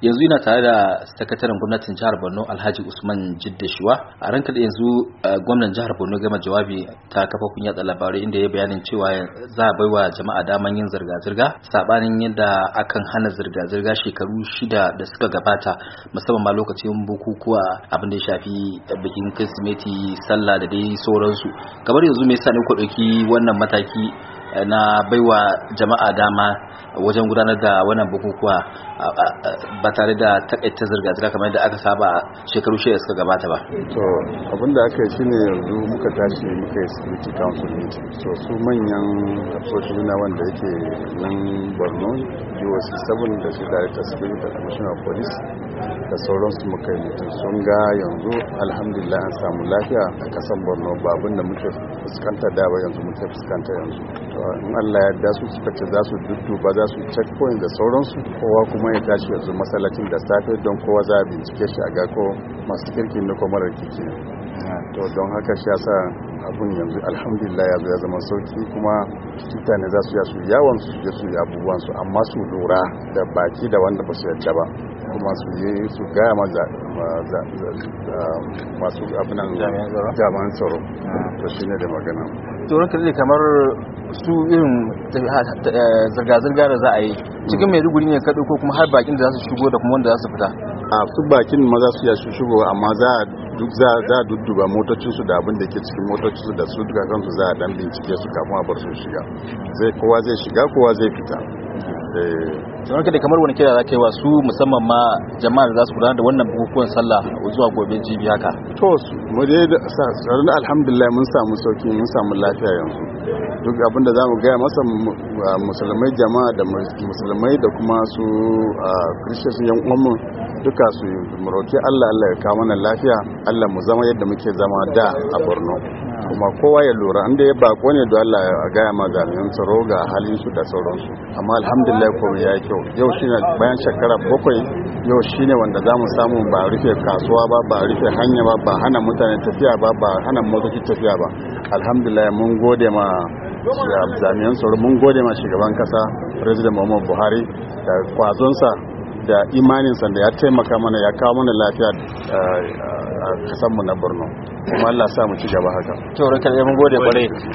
yanzu yana tare da sakataren gwamnatin jihar borno alhaji usman Shuwa. a ranka yanzu eh, gwamnan jihar borno gama jawabi ta kafofin yatsa labarai inda ya bayanin cewa za a baiwa jama'a daman yin zirga-zirga sabanin yadda akan hana zirga-zirga shekaru shida da suka gabata musamman ma lokacin bukukuwa abin da ya shafi bikin kirsimeti sallah da dai sauransu kamar yanzu me yasa ne ku ɗauki wannan mataki eh, na baiwa jama'a dama wajen gudanar da wannan bukukuwa ba tare da takaita zirga-zirga kamar da aka saba shekaru shida suka gabata ba to da aka yi shine yanzu muka tashi muka yi security council meeting so su manyan kafofin na wanda yake nan borno uoc sabon da su ta security da commissioner of police da sauransu muka yi mutum sun ga yanzu alhamdulillah an samu lafiya a kasan borno ba da muke fuskanta da ba yanzu muke fuskanta yanzu to in allah ya dasu su suka ce za su dudduba za su checkpoint da sauransu kowa kuma ya tashi yanzu masallacin da safe don kowa za a bincike shi a ga ko masu kirki ne ko marar kirki to don haka shi yasa abun yanzu alhamdulillah ya ya zama sauki kuma mutane za su ya su yawon su je su yi abubuwan su amma su lura da baki da wanda ba su yadda ba kuma su je su gaya masu abinan jami'an tsaro da mm. shi ne da magana turin kirle kamar su irin eh, zirga-zirga da za a yi cikin mai ruguri ne kaɗo ko kuma har bakin da za su shigo da kuma wanda za su fita a su bakin za su yashi shigo amma za a dudduba motocinsu da abin da ke cikin motocinsu da su duka kansu za a dan bincike su kafin a bar su shiga zai kowa zai shiga kowa zai fita Eh. kamar da kamar wani kira ka yi wa su musamman ma jama'a za su gudanar da wannan bukukuwan sallah zuwa gobe jibi haka to mu dai tsarin alhamdulillah mun samu sauki mun samu lafiya yanzu duk abin da zamu gaya masa musulmai jama'a da musulmai da kuma su kristiyan yan uwanmu duka su mu roki Allah Allah ya kawo mana lafiya Allah mu zama yadda muke zama da a Borno kuma kowa ya lura inda ya bako ne da Allah ya gaya ma jami'an tsaro ga halin su da sauransu amma alhamdulillah ko ya yi kyau yau shine bayan shekara bakwai yau shine wanda za mu samu ba rufe kasuwa ba ba rufe hanya ba ba hana mutane tafiya ba ba hana motoci tafiya ba alhamdulillah mun gode ma jami'an tsaro mun gode ma shugaban kasa president muhammadu buhari da kwazonsa da imanin sanda ya taimaka mana ya kawo mana lafiya a kasanmu na borno kuma allah sa mu ci gaba haka. mun gode kwarai